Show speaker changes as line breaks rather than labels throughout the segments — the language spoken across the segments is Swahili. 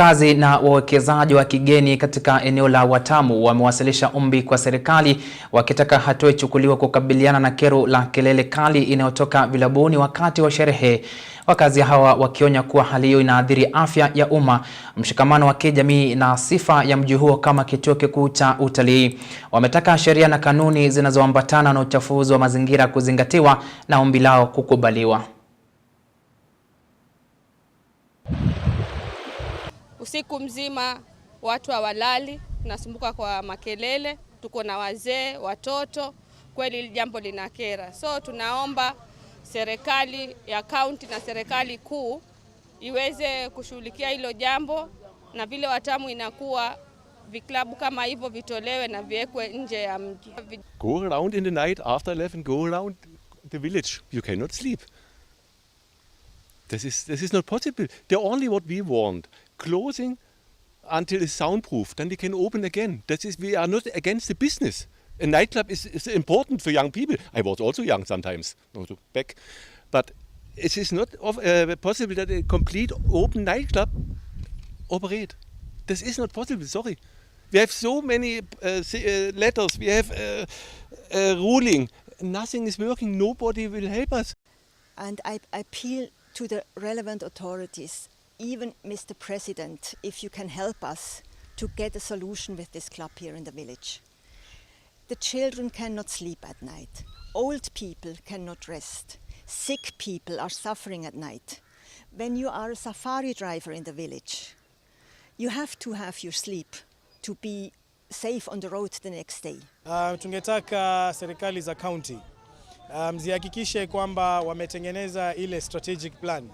Kazi na wawekezaji wa kigeni katika eneo la Watamu wamewasilisha ombi kwa serikali wakitaka hatua ichukuliwe kukabiliana na kero la kelele kali inayotoka vilabuni wakati wa sherehe. Wakazi hawa wakionya kuwa hali hiyo inaathiri afya ya umma, mshikamano wa kijamii na sifa ya mji huo kama kituo kikuu cha utalii. Wametaka sheria na kanuni zinazoambatana na uchafuzi wa mazingira kuzingatiwa na ombi lao kukubaliwa.
usiku mzima watu hawalali, tunasumbuka kwa makelele, tuko na wazee, watoto. Kweli jambo linakera, so tunaomba serikali ya kaunti na serikali kuu iweze kushughulikia hilo jambo, na vile watamu inakuwa viklabu kama hivyo vitolewe na viwekwe nje ya mji.
Go around in the night after 11, go around the village, you cannot sleep. Das ist, this is not possible. They're only what we want. Closing until it's soundproof. Then we can open again. That is, we are not against the business. A nightclub is, is important for young people. I was also young sometimes, also back. But it is not of, uh, possible that a complete open nightclub operate. This is not possible, sorry. We have so many uh, uh, letters, we have uh, uh, ruling. Nothing is working, nobody will help us.
And I appeal to the relevant authorities, even Mr. President, if you can help us to get a solution with this club here in the village. The children cannot sleep at night. Old people cannot rest. Sick people are suffering at night. When you are a safari driver in the village, you have to have your sleep to be safe on the road the next day.
Uh, tungetaka serikali za county mzihakikishe um, kwamba wametengeneza ile strategic plan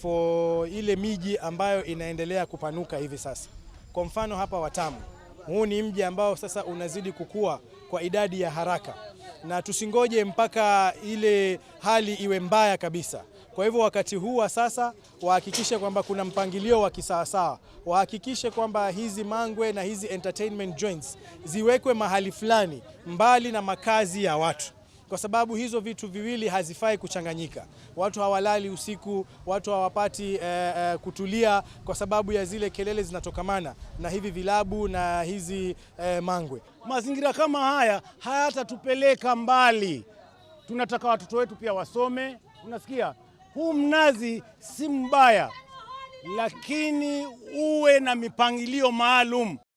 for ile miji ambayo inaendelea kupanuka hivi sasa. Kwa mfano hapa Watamu, huu ni mji ambao sasa unazidi kukua kwa idadi ya haraka, na tusingoje mpaka ile hali iwe mbaya kabisa. Kwa hivyo wakati huu wa sasa wahakikishe kwamba kuna mpangilio wa kisawasawa, wahakikishe kwamba hizi mangwe na hizi entertainment joints ziwekwe mahali fulani mbali na makazi ya watu kwa sababu hizo vitu viwili hazifai kuchanganyika. Watu hawalali usiku, watu hawapati eh, eh, kutulia kwa sababu ya zile kelele zinatokamana na hivi vilabu na hizi eh, mangwe. Mazingira kama haya hayatatupeleka mbali. Tunataka watoto wetu pia wasome. Unasikia, huu mnazi si mbaya, lakini uwe na mipangilio maalum.